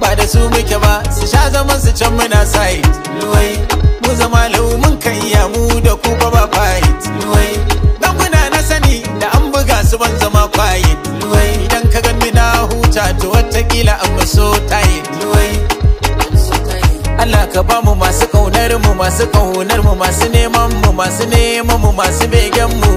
ba da su muke ba su sha zaman su can muna site luwai mu zama lau mun kan iya mu da ku ba ba fight luwai dan muna na sani da an buga su ban zama quiet luwai idan ka gani na huta to watakila an maso tight luwai Allah ka ba mu masu kaunar mu masu kaunar mu masu neman mu masu neman mu masu begen mu